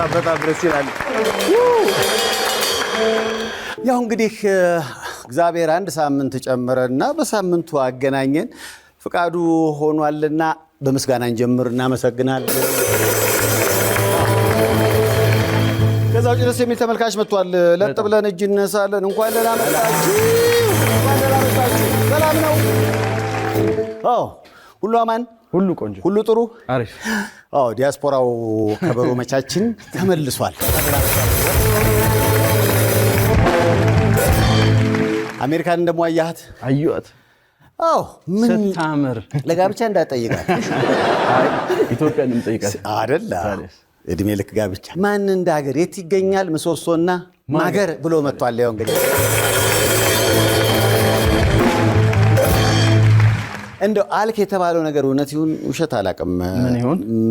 በጣም በጣም ደስ ይላል። ያው እንግዲህ እግዚአብሔር አንድ ሳምንት ጨምረና በሳምንቱ አገናኘን ፍቃዱ ሆኗልና በምስጋና እንጀምር። እናመሰግናለን። ከዛ ውጭ ደስ የሚል ተመልካች መጥቷል። ለጥ ብለን እጅ እነሳለን። እንኳን ደህና መጣችሁ፣ ሰላም ነው ሁሉ አማን ሁሉ ቆንጆ፣ ሁሉ ጥሩ፣ አሪፍ። አዎ ዲያስፖራው ከበሮ መቻችን ተመልሷል። አሜሪካን እንደሞ አያት አዩት። አዎ ምን ታምር። ለጋብቻ እንዳትጠይቃት ኢትዮጵያን እንጠይቃት አይደል? እድሜ ልክ ጋብቻ ማን እንደ ሀገር የት ይገኛል ምሰሶና ማገር ብሎ መጥቷል። ያው እንግዲህ እንደው አልክ የተባለው ነገር እውነት ይሁን ውሸት አላቅም።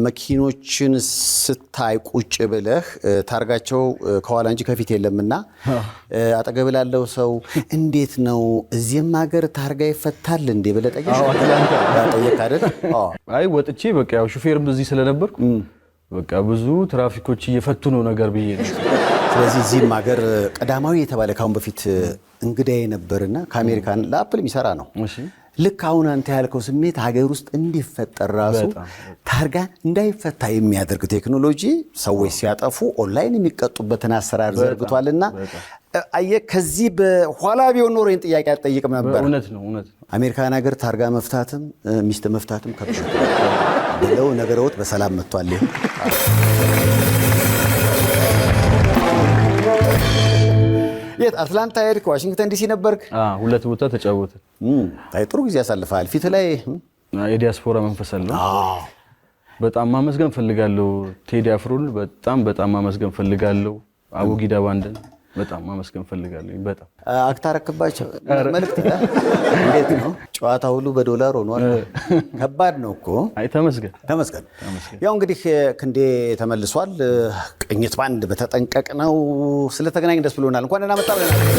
መኪኖችን ስታይ ቁጭ ብለህ ታርጋቸው ከኋላ እንጂ ከፊት የለምና አጠገብ ላለው ሰው እንዴት ነው እዚህም ሀገር ታርጋ ይፈታል እንዴ ብለህ ጠየቅ አይ ወጥቼ በቃ ያው ሹፌርም እዚህ ስለነበርኩ በቃ ብዙ ትራፊኮች እየፈቱ ነው ነገር ብዬ ነው። ስለዚህ እዚህም ሀገር ቀዳማዊ የተባለ ካሁን በፊት እንግዳ የነበርና ከአሜሪካን ለአፕል የሚሰራ ነው ልክ አሁን አንተ ያልከው ስሜት ሀገር ውስጥ እንዲፈጠር ራሱ ታርጋ እንዳይፈታ የሚያደርግ ቴክኖሎጂ ሰዎች ሲያጠፉ ኦንላይን የሚቀጡበትን አሰራር ዘርግቷልና አየ ከዚህ በኋላ ቢሆን ኖሮ ይህን ጥያቄ አትጠይቅም ነበር። አሜሪካን ሀገር ታርጋ መፍታትም ሚስት መፍታትም ከብሽ ብለው ነገረውት በሰላም መጥቷል። እንዴት አትላንታ ሄድክ? ዋሽንግተን ዲሲ ነበርክ? ሁለት ቦታ ተጫወተ። ጥሩ ጊዜ ያሳልፋል። ፊት ላይ የዲያስፖራ መንፈስ አለ። በጣም ማመስገን ፈልጋለሁ ቴዲ አፍሮን፣ በጣም በጣም ማመስገን ፈልጋለሁ አቡጊዳ ባንድን በጣም ማመስገን ፈልጋለሁ። በጣም አክታረክባቸው መልክት እንዴት ነው? ጨዋታ ሁሉ በዶላር ሆኗል። ከባድ ነው እኮ። ተመስገን ተመስገን። ያው እንግዲህ ክንዴ ተመልሷል። ቅኝት ባንድ በተጠንቀቅ ነው። ስለተገናኝ ደስ ብሎናል። እንኳን መጣ ብለናል።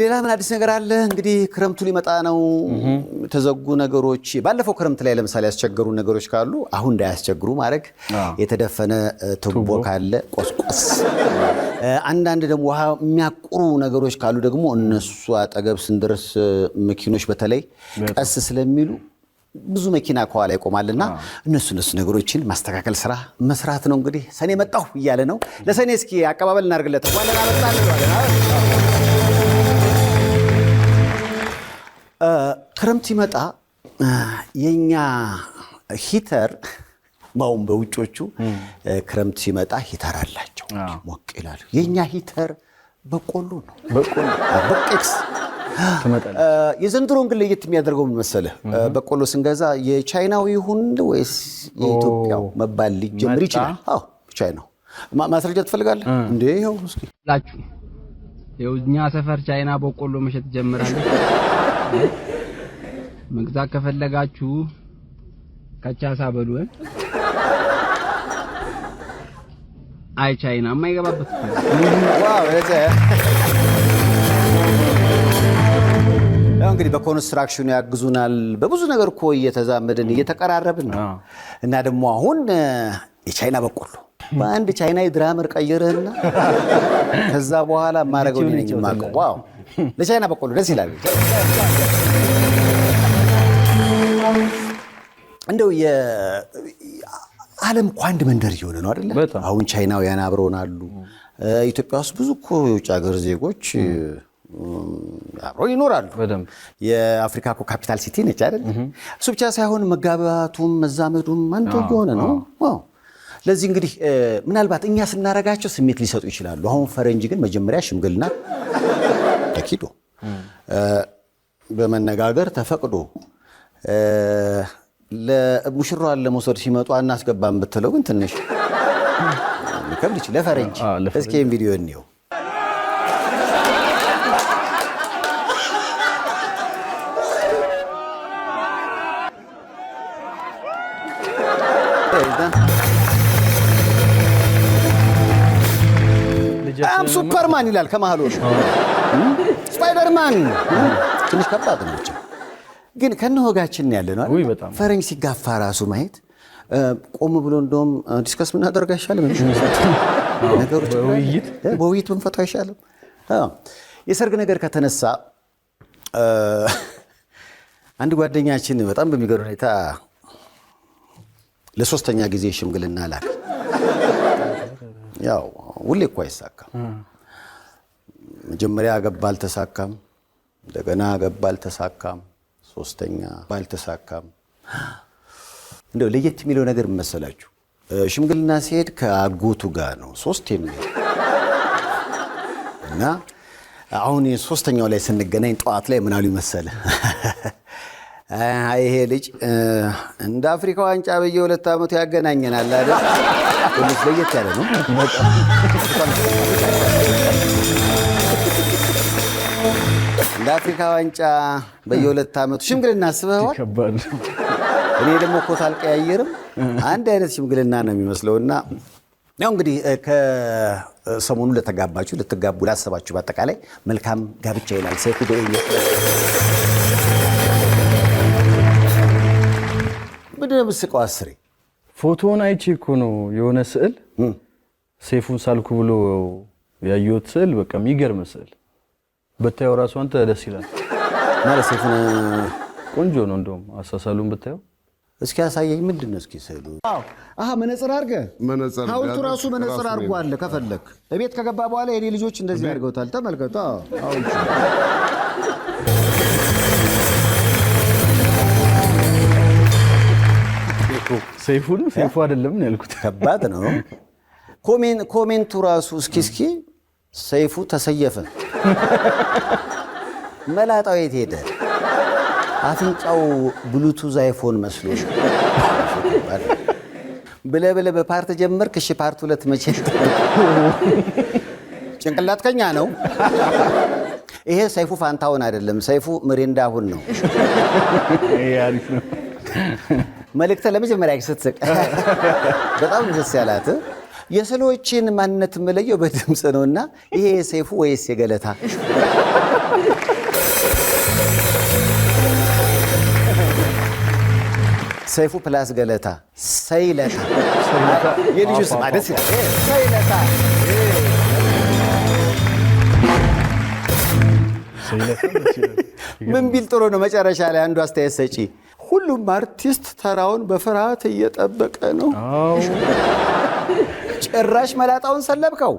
ሌላ ምን አዲስ ነገር አለ? እንግዲህ ክረምቱ ሊመጣ ነው። የተዘጉ ነገሮች ባለፈው ክረምት ላይ ለምሳሌ ያስቸገሩ ነገሮች ካሉ አሁን እንዳያስቸግሩ ማድረግ፣ የተደፈነ ቱቦ ካለ ቆስቆስ፣ አንዳንድ ደግሞ ውሃ የሚያቁሩ ነገሮች ካሉ ደግሞ እነሱ አጠገብ ስንደርስ መኪኖች በተለይ ቀስ ስለሚሉ ብዙ መኪና ከኋላ ይቆማልና እነሱ እነሱ ነገሮችን ማስተካከል ስራ መስራት ነው። እንግዲህ ሰኔ መጣሁ እያለ ነው። ለሰኔ እስኪ አቀባበል እናደርግለት እንኳን ክረምት ሲመጣ የኛ ሂተር ማሁን በውጮቹ ክረምት ሲመጣ ሂተር አላቸው፣ ሞቅ ይላሉ። የእኛ ሂተር በቆሎ ነው። በቄክስ የዘንድሮ ግን ለየት የሚያደርገው ምን መሰለህ? በቆሎ ስንገዛ የቻይናው ይሁን ወይስ የኢትዮጵያው መባል ሊጀምር ይችላል። አዎ ቻይናው። ማስረጃ ትፈልጋለህ እንዴ? ይኸው እስኪ ላችሁ፣ እኛ ሰፈር ቻይና በቆሎ መሸጥ ጀምራለች። መግዛት ከፈለጋችሁ ከቻሳ በሉ። አይ ቻይና የማይገባበት ያው እንግዲህ በኮንስትራክሽኑ ያግዙናል። በብዙ ነገር እኮ እየተዛመድን እየተቀራረብን ነው። እና ደግሞ አሁን የቻይና በቆሎ በአንድ ቻይናዊ ድራመር ቀይርህና ከዛ በኋላ ማድረገው ነኝ ማቀው ለቻይና በቆሎ ደስ ይላል። እንደው የዓለም እኮ አንድ መንደር እየሆነ ነው አይደለ? አሁን ቻይናውያን አብረውን አሉ። ኢትዮጵያ ውስጥ ብዙ እኮ የውጭ ሀገር ዜጎች አብረው ይኖራሉ። የአፍሪካ እኮ ካፒታል ሲቲ ነች አይደለ? እሱ ብቻ ሳይሆን መጋባቱም መዛመዱም አንድ የሆነ ነው። ለዚህ እንግዲህ ምናልባት እኛ ስናረጋቸው ስሜት ሊሰጡ ይችላሉ። አሁን ፈረንጅ ግን መጀመሪያ ሽምግልና ተኪዶ በመነጋገር ተፈቅዶ ሙሽራዋን ለመውሰድ ሲመጡ አናስገባም ብትለው ግን ትንሽ ከብድች ይችላል። ለፈረንጅ እስኪ ቪዲዮ እንየው። ሱፐርማን ይላል ከመሀል ስፓይደርማን ትንሽ ከባድ ናቸው፣ ግን ከነ ወጋችን ያለ ነው። ፈረንጅ ሲጋፋ ራሱ ማየት ቆም ብሎ እንደውም ዲስከስ ምናደርግ አይሻልም? ነገሮች በውይይት ብንፈታው አይሻልም? የሰርግ ነገር ከተነሳ አንድ ጓደኛችን በጣም በሚገር ሁኔታ ለሶስተኛ ጊዜ ሽምግልና ላክ። ያው ሁሌ እኮ አይሳካም። መጀመሪያ አገባ አልተሳካም። እንደገና አገባ አልተሳካም። ሶስተኛ ባልተሳካም። እንደው ለየት የሚለው ነገር መሰላችሁ ሽምግልና ሲሄድ ከአጎቱ ጋር ነው ሶስት የሚሄድ እና አሁን ሶስተኛው ላይ ስንገናኝ ጠዋት ላይ ምናሉ ይመሰል ይሄ ልጅ እንደ አፍሪካ ዋንጫ በየ ሁለት ዓመቱ ያገናኘናል አይደል? ለየት ያለ ነው። የአፍሪካ ዋንጫ በየሁለት ዓመቱ ሽምግልና አስበዋል። እኔ ደግሞ ኮት አልቀያየርም። አንድ አይነት ሽምግልና ነው የሚመስለው እና ያው እንግዲህ ከሰሞኑ ለተጋባችሁ ልትጋቡ ላሰባችሁ በአጠቃላይ መልካም ጋብቻ ይላል ሰይፉ በእኛ ምንድን ነው የምትስቀው? አስሬ ፎቶውን አይቼ እኮ ነው የሆነ ስዕል ሴፉን ሳልኩ ብሎ ያየሁት ስዕል በቃ የሚገርም ስዕል ብታየው ራሱ አንተ ደስ ይላል ማለት ሴት ቆንጆ ነው። እንደውም አሳሳሉን ብታየው። እስኪ ያሳየኝ ምንድን ነው? እስኪ ስዕሉ። አሀ መነጽር አድርገህ ሐውልቱ ራሱ መነጽር አለ። ከፈለክ እቤት ከገባ በኋላ የኔ ልጆች እንደዚህ አድርገውታል። ተመልከቱ። ሰይፉን ሰይፉ አይደለም ነው ያልኩት። ከባድ ነው ኮሜንቱ ራሱ። እስኪ እስኪ ሰይፉ ተሰየፈ። መላጣው የት ሄደ? አፍንጫው ብሉቱዝ አይፎን መስሎ ብለ ብለ በፓርት ጀመር ክሽ ፓርት ሁለት መቼ? ጭንቅላት ከኛ ነው። ይሄ ሰይፉ ፋንታውን አይደለም፣ ሰይፉ ምሬንዳ አሁን ነው። መልእክተ ለመጀመሪያ ስትስቅ በጣም ደስ ያላት የሰዎችን ማንነት የምለየው በድምፅ ነው እና ይሄ የሰይፉ ወይስ የገለታ? ሰይፉ ፕላስ ገለታ ሰይለታ የልጁ ስም ደስ ይላል። ሰይለታ ምን ቢል ጥሩ ነው? መጨረሻ ላይ አንዱ አስተያየት ሰጪ ሁሉም አርቲስት ተራውን በፍርሃት እየጠበቀ ነው። ጭራሽ መላጣውን ሰለብከው።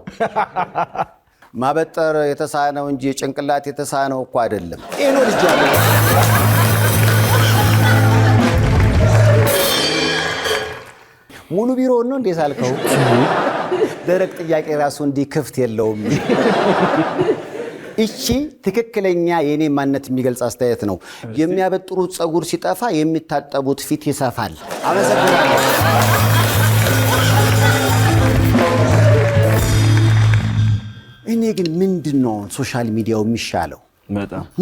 ማበጠር የተሳነው እንጂ ጭንቅላት የተሳነው እኮ አይደለም። ይህ ልጅ ሙሉ ቢሮ ነው እንዴ ሳልከው፣ ደረቅ ጥያቄ ራሱ እንዲህ ክፍት የለውም። እቺ ትክክለኛ የእኔ ማንነት የሚገልጽ አስተያየት ነው። የሚያበጥሩት ፀጉር ሲጠፋ የሚታጠቡት ፊት ይሰፋል። አመሰግናለሁ። እኔ ግን ምንድን ነው ሶሻል ሚዲያው የሚሻለው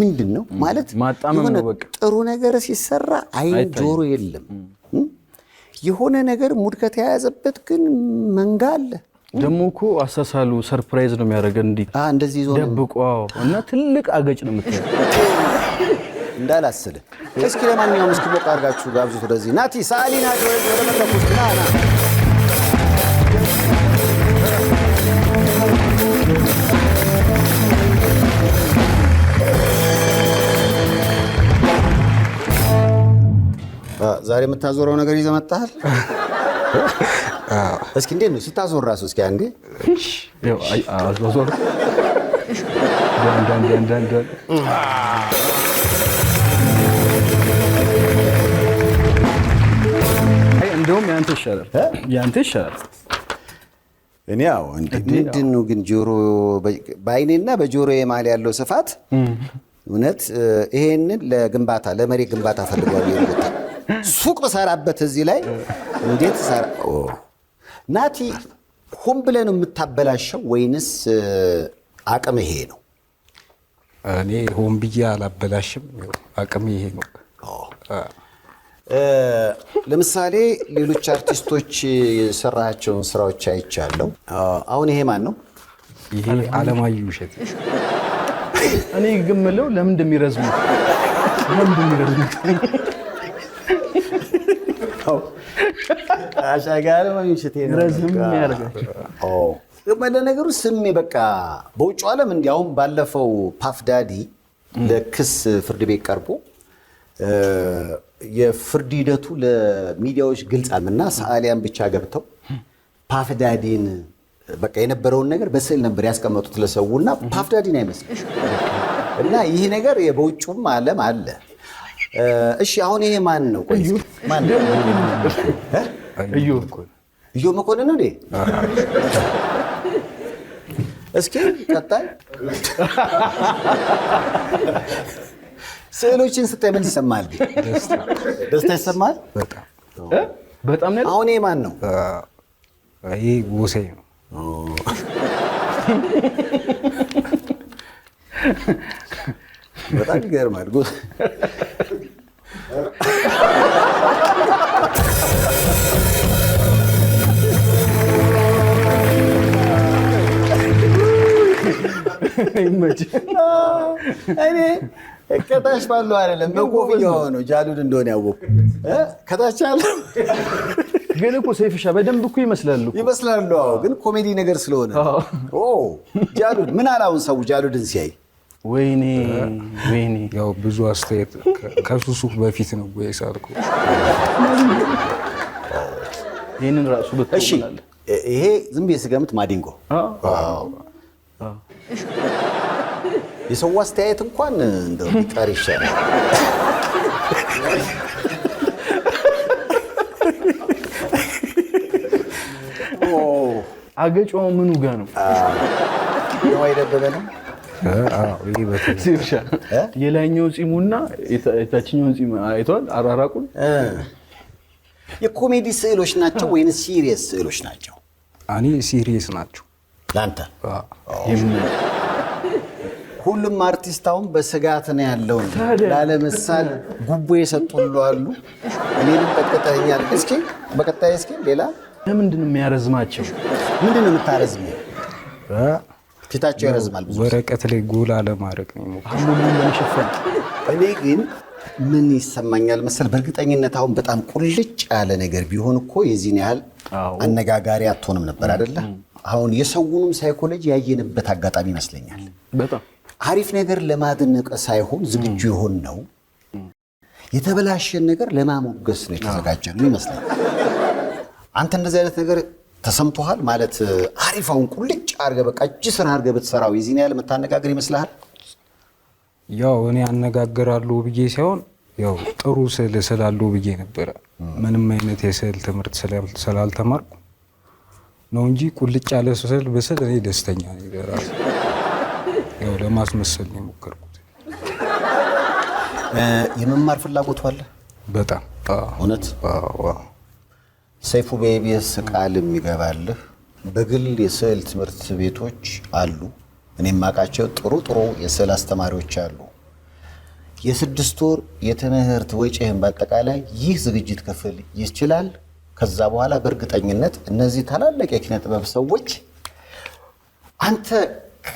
ምንድን ነው ማለት የሆነ ጥሩ ነገር ሲሰራ አይን ጆሮ የለም። የሆነ ነገር ሙድ ከተያያዘበት ግን መንጋ አለ። ደግሞ እኮ አሳሳሉ ሰርፕራይዝ ነው የሚያደርገን። እንዲህ እንደዚህ ደብቆ እና ትልቅ አገጭ ነው ምት እንዳላስል። እስኪ ለማንኛውም እስኪ ሞቅ አድርጋችሁ ጋብዙት ወደዚህ ናቲ ሳሊ ናቲ ወደ መድረኩ ና ና ዛሬ የምታዞረው ነገር ይዘህ መጣሃል። እስኪ እንዴት ነው ስታዞር ራሱ? እስኪ አንዴ እንደውም ያንተ ይሻላል፣ ያንተ ይሻላል። እኔ ያው ምንድን ነው ግን ጆሮ በአይኔና በጆሮ የማል ያለው ስፋት እውነት ይሄንን ለግንባታ ለመሬት ግንባታ ፈልጓል ይወጣ ሱቅ ብሰራበት እዚህ ላይ እንዴት ሰራ ናቲ፣ ሆን ብለህ ነው የምታበላሸው ወይንስ አቅም ይሄ ነው? እኔ ሆን ብዬ አላበላሽም። አቅም ይሄ ነው። ለምሳሌ ሌሎች አርቲስቶች የሰራቸውን ስራዎች አይቻለሁ። አሁን ይሄ ማን ነው? ይሄ አለማየሁ እሸቴ። እኔ ግምለው የምለው ለምን እንደሚረዝሙት ለምን እንደሚረዝሙት ለነገሩ ስሜ በቃ በውጭ ዓለም እንዲያውም ባለፈው ፓፍ ዳዲ ለክስ ፍርድ ቤት ቀርቦ የፍርድ ሂደቱ ለሚዲያዎች ግልጽ እና ሰዓሊያን ብቻ ገብተው ፓፍ ዳዲን በቃ የነበረውን ነገር በስዕል ነበር ያስቀመጡት ለሰውና ፓፍ ዳዲን አይመስልም እና ይህ ነገር በውጭም ዓለም አለ። እሺ አሁን ይሄ ማን ነው? ቆይ ማን ነው? እዩ መኮንን ነው። እስኪ ቀጣይ ስዕሎችን ስታይ ምን ይሰማል? ደስታ ይሰማል። በጣም ነው። አሁን ይሄ ማን ነው? ይሄ ጎሴ ነው። በጣም ይገርማል። እኔ ከታች ባለው አይደለም በኮፍያ ነው ጃሉድ እንደሆነ ያወቅኩ ከታች አለ። ግን እኮ ሰይፍሻ በደንብ እኮ ይመስላሉ ይመስላሉ። ግን ኮሜዲ ነገር ስለሆነ ጃሉድ ምን አላውን ሰው ጃሉድን ሲያይ ወይኔ ወይኔ። ያው ብዙ አስተያየት ከሱሱ በፊት ነው ወይ ሳልኩ ይሄንን ራሱ በተውላለ ይሄ ዝም ብዬ ስገምት ማዲንጎ የሰው አስተያየት እንኳን እንደው ቢቀር ይሻላል። አገጫው ምኑ ጋ ነው? ነዋይ ደበበ ነው። የላይኛው ፂሙና የታችኛውን ፂም አይተዋል። አራራቁን የኮሜዲ ስዕሎች ናቸው ወይ ሲሪየስ ስዕሎች ናቸው? እኔ ሲሪየስ ናቸው ለአንተ። ሁሉም አርቲስት አሁን በስጋት ነው ያለውን ላለመሳል ጉቦ የሰጡ አሉ። እኔንም ጠቅጠኛል። እስኪ በቀጣይ እስኪ ሌላ ለምንድን ነው የሚያረዝማቸው? ምንድን ነው የምታረዝመው? ፊታቸው ይረዝማል። ብዙ ወረቀት ላይ ጎላ ለማድረግ ነው የሚሞክሩት። እኔ ግን ምን ይሰማኛል መሰል፣ በእርግጠኝነት አሁን በጣም ቁልጭ ያለ ነገር ቢሆን እኮ የዚህን ያህል አነጋጋሪ አትሆንም ነበር አይደለ? አሁን የሰውንም ሳይኮሎጂ ያየንበት አጋጣሚ ይመስለኛል። አሪፍ ነገር ለማድነቅ ሳይሆን ዝግጁ የሆን ነው የተበላሸን ነገር ለማሞገስ ነው የተዘጋጀ ነው ይመስለኛል። አንተ እንደዚህ አይነት ነገር ተሰምቶሃል ማለት አሪፋውን ቁልጭ አርገ በቃ እጅ ስራ አርገ ብትሰራው የዚህን ያህል የምታነጋግር ይመስልሃል? ያው እኔ አነጋግራሉ ብዬ ሳይሆን ያው ጥሩ ስዕል ስላሉ ብዬ ነበረ። ምንም አይነት የስዕል ትምህርት ስላልተማርኩ ነው እንጂ ቁልጭ ያለ ስዕል ብስል እኔ ደስተኛ ነኝ። ያው ለማስመሰል ነው የሞከርኩት። የመማር ፍላጎቱ አለ በጣም እውነት ሰይፉ በኢቢኤስ ቃል የሚገባልህ በግል የስዕል ትምህርት ቤቶች አሉ። እኔም ማቃቸው ጥሩ ጥሩ የስዕል አስተማሪዎች አሉ። የስድስት ወር የትምህርት ወጪህን በአጠቃላይ ይህ ዝግጅት ክፍል ይችላል። ከዛ በኋላ በእርግጠኝነት እነዚህ ታላላቅ የኪነ ጥበብ ሰዎች አንተ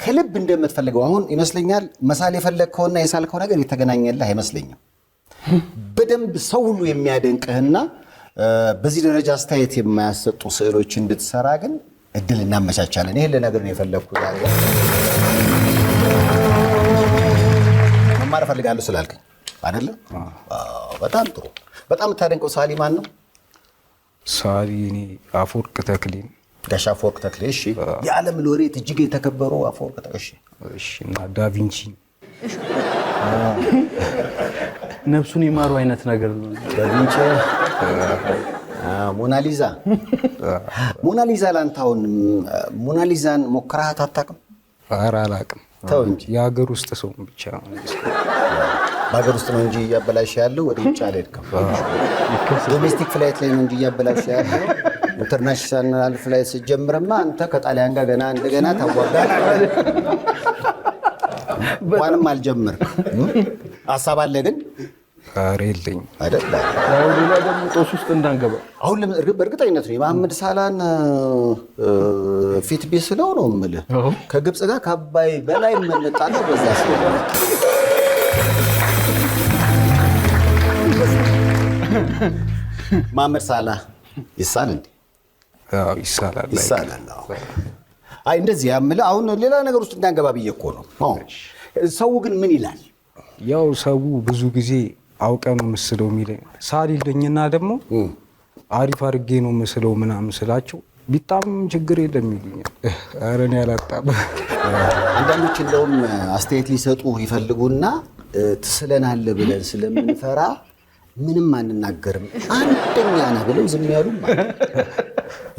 ከልብ እንደምትፈልገው አሁን ይመስለኛል መሳል የፈለግከውና የሳልከው ነገር የተገናኘልህ አይመስለኝም። በደንብ ሰው ሁሉ የሚያደንቅህና በዚህ ደረጃ አስተያየት የማያሰጡ ስዕሎች እንድትሰራ ግን እድል እናመቻቻለን። ይህን ልነግር ነው የፈለግኩት። መማር እፈልጋለሁ ስላልከኝ አይደለም። በጣም ጥሩ። በጣም የምታደንቀው ሳሊ ማን ነው? ሳሊ እኔ አፈወርቅ ተክሌ። ጋሽ አፈወርቅ ተክሌ። እሺ። የዓለም ሎሬት እጅግ የተከበሩ አፈወርቅ ተክሌ። እሺ። እና ዳቪንቺ ነፍሱን የማሩ አይነት ነገር ነው ዳቪንቺ ሞናሊዛ ሞናሊዛ ላንታሁን ሞናሊዛን ሞክረሃት አታውቅም? ኧረ አላውቅም። ተው እንጂ የሀገር ውስጥ ሰው ብቻ በሀገር ውስጥ ነው እንጂ እያበላሽ ያለው ወደ ውጭ አልሄድክም። ዶሜስቲክ ፍላይት ላይ ነው እንጂ እያበላሽ ያለው ኢንተርናሽናል ፍላይት ስትጀምርማ አንተ ከጣሊያን ጋር ገና እንደገና ታዋጋ። እንኳንም አልጀምር ሀሳብ አለ ግን ኧረ የለኝም። ጦስ ውስጥ እንዳንገባ አሁን በእርግጠኝነት ነው የመሐመድ ሳላን ፊት ቢስ ነው ነው የምልህ ከግብፅ ጋር ከአባይ በላይ የምንጣለው በዛ መሐመድ ሳላ ይሳል እንዴ? ይሳላል ይሳላል። አይ እንደዚህ የምልህ አሁን ሌላ ነገር ውስጥ እንዳንገባ ብዬ እኮ ነው። ሰው ግን ምን ይላል? ያው ሰው ብዙ ጊዜ አውቀ ነው ምስለው የሚለ ሳሪልኝና ደግሞ አሪፍ አድርጌ ነው ምስለው ምናምን ስላቸው ቢጣም ችግር የለም ይሉኛል። ኧረ እኔ አላጣም። አንዳንዶች እንደውም አስተያየት ሊሰጡ ይፈልጉና ትስለናለ ብለን ስለምንፈራ ምንም አንናገርም አንደኛ ነህ ብለው ዝም ያሉም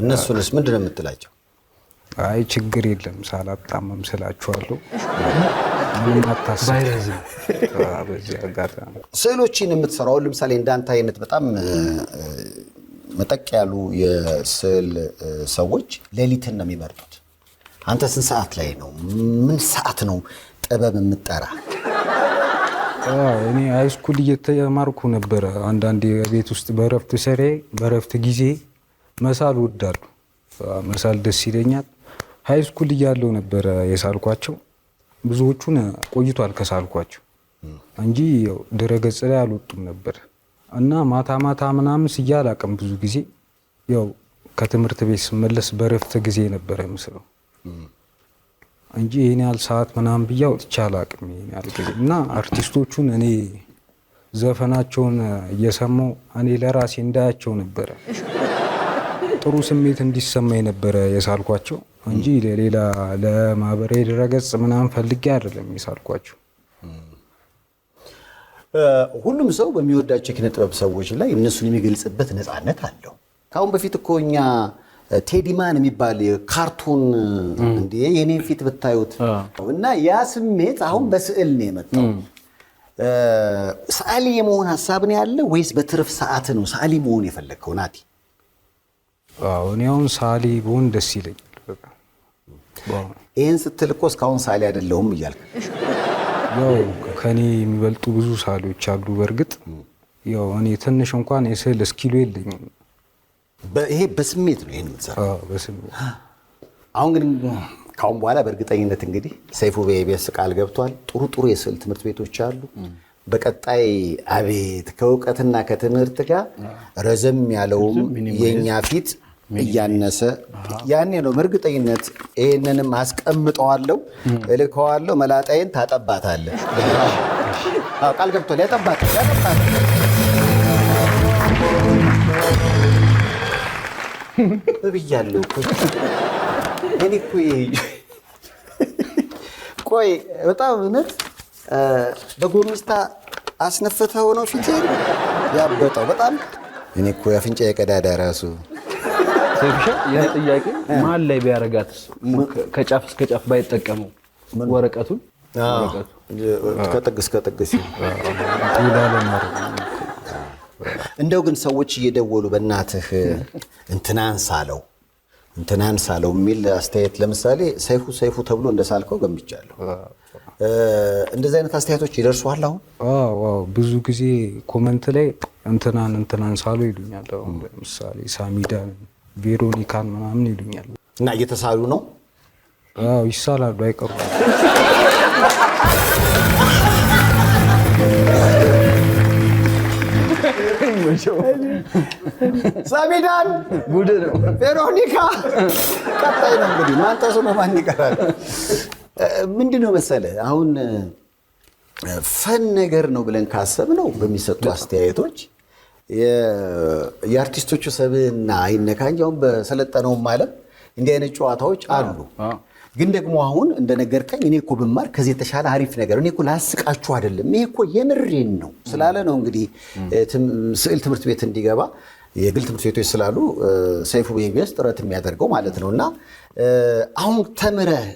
እነሱንስ ምንድን ነው የምትላቸው? አይ ችግር የለም ሳላጣመም ስላችኋለሁ። ስዕሎችን የምትሰራው ለምሳሌ እንዳንተ አይነት በጣም መጠቅ ያሉ የስዕል ሰዎች ሌሊትን ነው የሚመርጡት። አንተ ስንት ሰዓት ላይ ነው? ምን ሰዓት ነው ጥበብ የምጠራ? እኔ ሃይስኩል እየተማርኩ ነበረ። አንዳንዴ ቤት ውስጥ በረፍት ሰሬ በእረፍት ጊዜ መሳል ወዳሉ መሳል ደስ ይለኛል። ሃይስኩል እያለው ነበረ የሳልኳቸው ብዙዎቹን ቆይቷል ከሳልኳቸው እንጂ ድረገጽ ላይ አልወጡም ነበር እና ማታ ማታ ምናምን ስዬ አላቅም። ብዙ ጊዜ ያው ከትምህርት ቤት ስመለስ በረፍት ጊዜ ነበረ ምስለው እንጂ ይህን ያህል ሰዓት ምናምን ብዬ አውጥቼ አላቅም። ይህን ያህል ጊዜ እና አርቲስቶቹን እኔ ዘፈናቸውን እየሰማው እኔ ለራሴ እንዳያቸው ነበረ ጥሩ ስሜት እንዲሰማ የነበረ የሳልኳቸው እንጂ ለሌላ ለማህበራዊ ድረገጽ ምናምን ፈልጌ አይደለም የሳልኳቸው። ሁሉም ሰው በሚወዳቸው የኪነ ጥበብ ሰዎች ላይ እነሱን የሚገልጽበት ነፃነት አለው። ከአሁን በፊት እኮ እኛ ቴዲማን የሚባል ካርቱን እንደ የኔን ፊት ብታዩት እና ያ ስሜት አሁን በስዕል ነው የመጣው። ሰዓሊ የመሆን ሀሳብ ነው ያለ ወይስ በትርፍ ሰዓት ነው ሰዓሊ መሆን የፈለግከው ናቲ? እኔ አሁን ሳሊ ብሆን ደስ ይለኛል። ይህን ስትል እኮ እስካሁን ሳሊ አይደለሁም እያልክ ያው ከእኔ የሚበልጡ ብዙ ሳሊዎች አሉ። በእርግጥ ያው እኔ ትንሽ እንኳን የስዕል እስኪሉ የለኝም። ይሄ በስሜት ነው ይህን የምትሰራው በስሜት። አሁን ግን ካሁን በኋላ በእርግጠኝነት እንግዲህ ሰይፉ በኢቢኤስ ቃል ገብቷል። ጥሩ ጥሩ የስዕል ትምህርት ቤቶች አሉ። በቀጣይ አቤት ከእውቀትና ከትምህርት ጋር ረዘም ያለውም የእኛ ፊት እያነሰ ያኔ ነው እርግጠኝነት። ይህንንም አስቀምጠዋለው እልከዋለው መላጣይን ታጠባታለህ። ቃል ገብቶ ያጠባታል። ብያለሁ እኔ እኮ ቆይ፣ በጣም እውነት በጎሚስታ አስነፍተው ነው ፊት ያበጠው። በጣም እኔ እኮ የአፍንጫ የቀዳዳ ራሱ ሰይፍሻ ይህ ጥያቄ መሀል ላይ ቢያረጋት ከጫፍ እስከ ጫፍ ባይጠቀመው ወረቀቱን ከጥግ እስከ ጥግ እንደው ግን ሰዎች እየደወሉ በእናትህ እንትናን ሳለው እንትናን ሳለው የሚል አስተያየት ለምሳሌ ሰይፉ ሰይፉ ተብሎ እንደሳልከው ገምቻለሁ። እንደዚህ አይነት አስተያየቶች ይደርሱሃል? አሁን ብዙ ጊዜ ኮመንት ላይ እንትናን እንትናን ሳለው ይሉኛል። ለምሳሌ ሳሚዳን ቬሮኒካን ምናምን ይሉኛል። እና እየተሳሉ ነው? አዎ ይሳላሉ፣ አይቀሩ። ሰሚዳን ቡድ ነው። ቬሮኒካ ቀጣይ ነው እንግዲህ ማንተ ተሱ ነው ማን ይቀራል? ምንድን ነው መሰለ አሁን ፈን ነገር ነው ብለን ካሰብ ነው በሚሰጡ አስተያየቶች የአርቲስቶቹ ሰብዕና አይነካኝ። እንጂ አሁን በሰለጠነውም ዓለም እንዲህ አይነት ጨዋታዎች አሉ። ግን ደግሞ አሁን እንደነገርከኝ እኔ እኮ ብማር ከዚህ የተሻለ አሪፍ ነገር እኔ እኮ ላስቃችሁ አይደለም፣ ይሄ እኮ የምሬን ነው ስላለ ነው እንግዲህ ስዕል ትምህርት ቤት እንዲገባ የግል ትምህርት ቤቶች ስላሉ ሰይፉ ኢቢኤስ ጥረት የሚያደርገው ማለት ነው። እና አሁን ተምረህ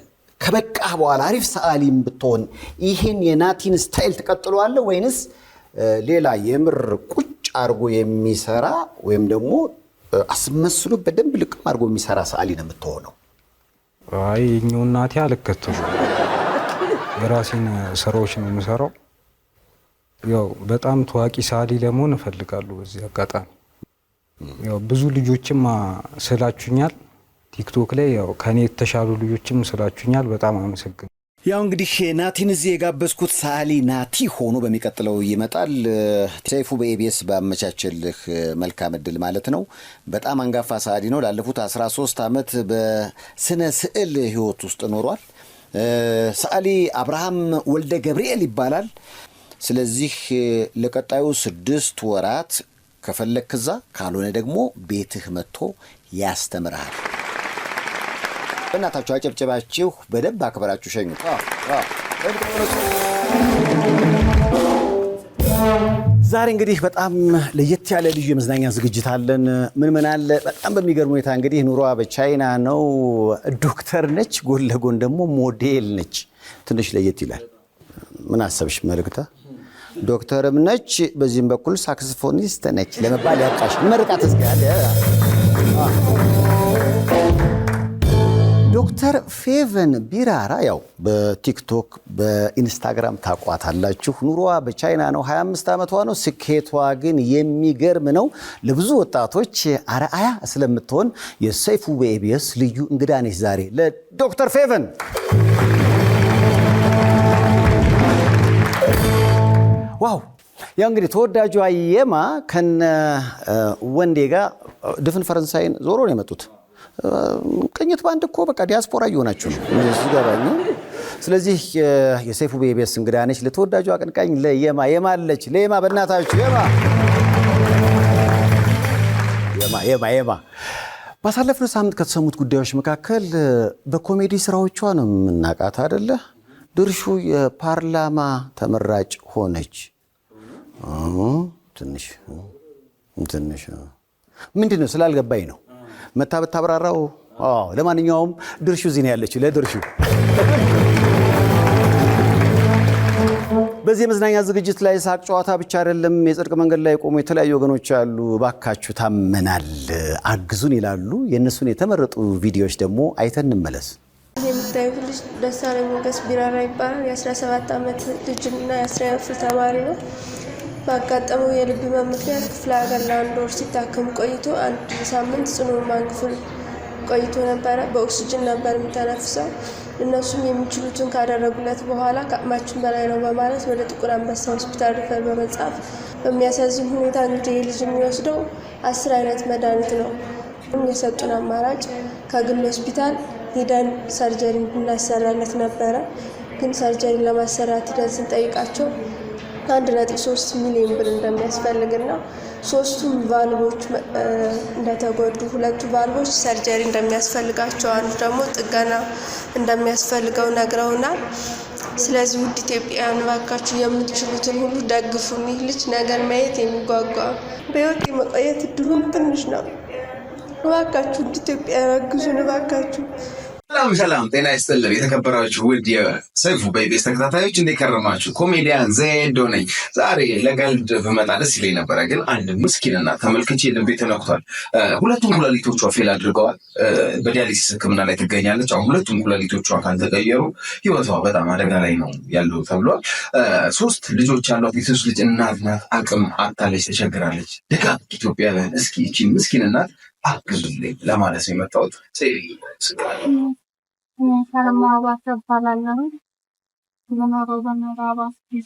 ከበቃ በኋላ አሪፍ ሰዓሊም ብትሆን ይህን የናቲን ስታይል ትቀጥለዋለህ ወይንስ ሌላ የምር ቁጭ አርጎ የሚሰራ ወይም ደግሞ አስመስሎ በደንብ ልቅም አርጎ የሚሰራ ሰዓሊ ነው የምትሆነው። አይ የእኛው እናቴ አልከተሉ የራሴን ስራዎች ነው የምሰራው። ያው በጣም ታዋቂ ሰዓሊ ለመሆን እፈልጋለሁ። በዚህ አጋጣሚ ያው ብዙ ልጆችም ስላችሁኛል ቲክቶክ ላይ ያው ከኔ የተሻሉ ልጆችም ስላችሁኛል። በጣም አመሰግናለሁ። ያው እንግዲህ ናቲን እዚህ የጋበዝኩት ሰዓሊ ናቲ ሆኖ በሚቀጥለው ይመጣል። ሰይፉ በኤቢኤስ ባመቻቸልህ መልካም እድል ማለት ነው። በጣም አንጋፋ ሰዓሊ ነው። ላለፉት 13 ዓመት በስነ ስዕል ህይወት ውስጥ ኖሯል። ሰዓሊ አብርሃም ወልደ ገብርኤል ይባላል። ስለዚህ ለቀጣዩ ስድስት ወራት ከፈለግ ክዛ ካልሆነ ደግሞ ቤትህ መጥቶ ያስተምርሃል። በእናታችሁ አጨብጨባችሁ በደንብ አክበራችሁ ሸኙ። ዛሬ እንግዲህ በጣም ለየት ያለ ልዩ የመዝናኛ ዝግጅት አለን። ምን ምን አለ? በጣም በሚገርም ሁኔታ እንግዲህ ኑሯ በቻይና ነው። ዶክተር ነች፣ ጎን ለጎን ደግሞ ሞዴል ነች። ትንሽ ለየት ይላል። ምን አሰብሽ? መልእክተ ዶክተርም ነች፣ በዚህም በኩል ሳክስፎኒስት ነች ለመባል ያብቃሽ። መርቃት ፌቨን ቢራራ ያው በቲክቶክ በኢንስታግራም ታቋታላችሁ። ኑሮዋ በቻይና ነው። 25 ዓመቷ ነው። ስኬቷ ግን የሚገርም ነው። ለብዙ ወጣቶች አርአያ ስለምትሆን የሰይፉ በኤቢኤስ ልዩ እንግዳ ነች ዛሬ ለዶክተር ፌቨን። ዋው ያው እንግዲህ ተወዳጇ የማ ከነ ወንዴ ጋር ድፍን ፈረንሳይን ዞሮ ነው የመጡት ቅኝት ባንድ እኮ በቃ ዲያስፖራ እየሆናችሁ ነው ሲገባኝ። ስለዚህ የሰይፉ ቤቤስ እንግዳ ነች። ለተወዳጁ አቀንቃኝ ለየማ አለች። ለየማ በእናታችሁ የማ የማ የማ ባሳለፍነው ሳምንት ከተሰሙት ጉዳዮች መካከል በኮሜዲ ስራዎቿ ነው የምናቃት አይደለ? ድርሹ የፓርላማ ተመራጭ ሆነች። ትንሽ ትንሽ ምንድን ነው ስላልገባኝ ነው መታ ብታብራራው። ለማንኛውም ድርሹ እዚህ ነው ያለችው። ለድርሹ በዚህ የመዝናኛ ዝግጅት ላይ ሳቅ ጨዋታ ብቻ አይደለም። የጽድቅ መንገድ ላይ የቆሙ የተለያዩ ወገኖች አሉ። ባካችሁ ታመናል፣ አግዙን ይላሉ። የእነሱን የተመረጡ ቪዲዮዎች ደግሞ አይተን እንመለስ። የምታዩት ልጅ ደሳለኝ ሞገስ ቢራራ ይባላል። የ17 ዓመት ልጅና የ10 ተማሪ ነው ባጋጠመው የልብ ህመም ምክንያት ክፍለ ሀገር ለአንድ ወር ሲታከም ቆይቶ አንድ ሳምንት ጽኑ ሕሙማን ክፍል ቆይቶ ነበረ። በኦክሲጅን ነበር የሚተነፍሰው። እነሱም የሚችሉትን ካደረጉለት በኋላ ከአቅማችን በላይ ነው በማለት ወደ ጥቁር አንበሳ ሆስፒታል ሪፈር በመጻፍ በሚያሳዝን ሁኔታ እንግዲህ የልጅ የሚወስደው አስር አይነት መድኃኒት ነው። የሰጡን አማራጭ ከግል ሆስፒታል ሂደን ሰርጀሪ ብናሰራለት ነበረ። ግን ሰርጀሪ ለማሰራት ሂደን ስንጠይቃቸው አንድ ነጥብ ሶስት ሚሊዮን ብር እንደሚያስፈልግና ሶስቱም ቫልቦች እንደተጎዱ ሁለቱ ቫልቦች ሰርጀሪ እንደሚያስፈልጋቸው አንዱ ደግሞ ጥገና እንደሚያስፈልገው ነግረውናል። ስለዚህ ውድ ኢትዮጵያውያን ባካችሁ የምትችሉትን ሁሉ ደግፉን። ይህ ልጅ ነገር ማየት የሚጓጓ በህይወት የመቆየት እድሉም ትንሽ ነው። እባካችሁ ውድ ኢትዮጵያውያን አግዙን እባካችሁ። ሰላም ሰላም፣ ጤና ይስጥልን የተከበራችሁ ውድ የሰይፉ ቤቤስ ተከታታዮች ከረማችሁ? ኮሜዲያን ዘዶ ነኝ። ዛሬ ለቀልድ ብመጣ ደስ ይለኝ ነበረ፣ ግን አንድ ምስኪንና ተመልክቼ ልቤ ተነክቷል። ሁለቱም ኩላሊቶቿ ፌል አድርገዋል። በዲያሊሲስ ሕክምና ላይ ትገኛለች። አሁን ሁለቱም ኩላሊቶቿ ካልተቀየሩ ህይወቷ በጣም አደጋ ላይ ነው ያለው ተብሏል። ሶስት ልጆች ያሏት የሶስት ልጅ እናት ናት። አቅም አታለች ተቸግራለች። ደጋግ ኢትዮጵያውያን እስኪ ይቺ ምስኪን እናት አግዙልኝ ለማለት የመጣሁት። ሰለማ በምዕራብ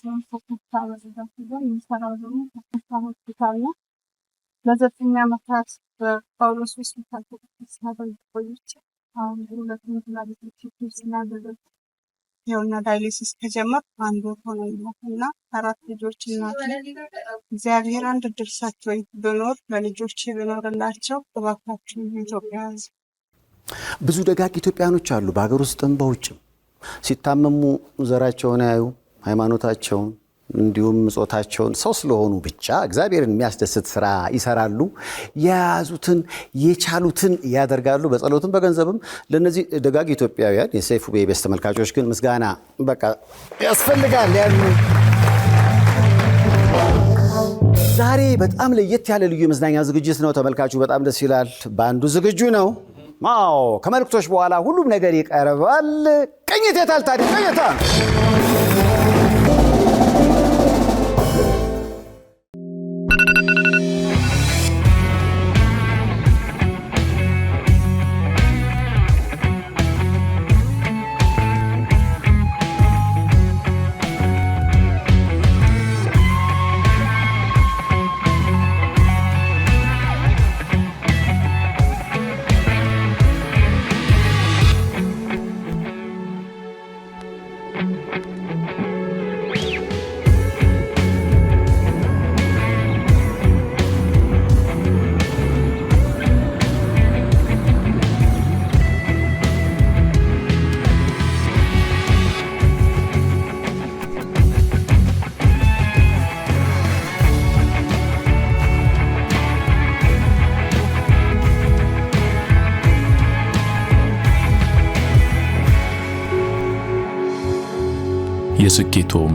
ዞን ኮምቦልቻ ወረዳ ሲሆን የምሰራው ደግሞ ኮምቦልቻ ሆስፒታል ነው። ለዘጠኝ ዓመታት በጳውሎስ ሆስፒታል ተጠቅስ አገልግሎች አሁን ሁለት ምክላ ቤቶች ስናገለግል ይኸውና ዳይሊሲስ ከጀመር አንድ ወር ሆኖኛል እና አራት ልጆች እናት ነኝ። እግዚአብሔር አንድ እድል ሰጥቶኝ ብኖር ለልጆቼ ብኖርላቸው እባካችሁ ኢትዮጵያ ሕዝብ ብዙ ደጋግ ኢትዮጵያኖች አሉ፣ በሀገር ውስጥም በውጭም ሲታመሙ ዘራቸውን ያዩ ሃይማኖታቸውን እንዲሁም ጾታቸውን ሰው ስለሆኑ ብቻ እግዚአብሔርን የሚያስደስት ስራ ይሰራሉ። የያዙትን የቻሉትን ያደርጋሉ፣ በጸሎትም በገንዘብም። ለነዚህ ደጋግ ኢትዮጵያውያን የሰይፉ ቤቤስ ተመልካቾች ግን ምስጋና በቃ ያስፈልጋል። ያሉ ዛሬ በጣም ለየት ያለ ልዩ የመዝናኛ ዝግጅት ነው። ተመልካቹ በጣም ደስ ይላል። በአንዱ ዝግጁ ነው። አዎ ከመልክቶች በኋላ ሁሉም ነገር ይቀርባል። ቅኝት የታል ታዲያ? ቅኝታ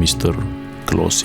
ሚስተር ክሎስ